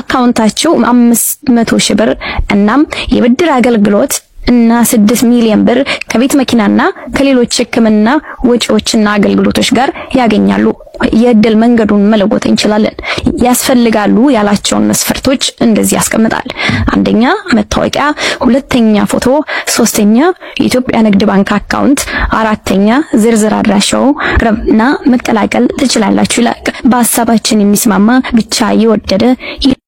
አካውንታቸው አምስት መቶ ሺህ ብር እናም የብድር አገልግሎት እና ስድስት ሚሊዮን ብር ከቤት መኪናና ከሌሎች ሕክምና ወጪዎችና አገልግሎቶች ጋር ያገኛሉ። የእድል መንገዱን መለወጥ እንችላለን። ያስፈልጋሉ ያላቸውን መስፈርቶች እንደዚህ ያስቀምጣል። አንደኛ መታወቂያ፣ ሁለተኛ ፎቶ፣ ሶስተኛ የኢትዮጵያ ንግድ ባንክ አካውንት፣ አራተኛ ዝርዝር አድራሻው እና መቀላቀል ትችላላችሁ ይላል። በሀሳባችን የሚስማማ ብቻ የወደደ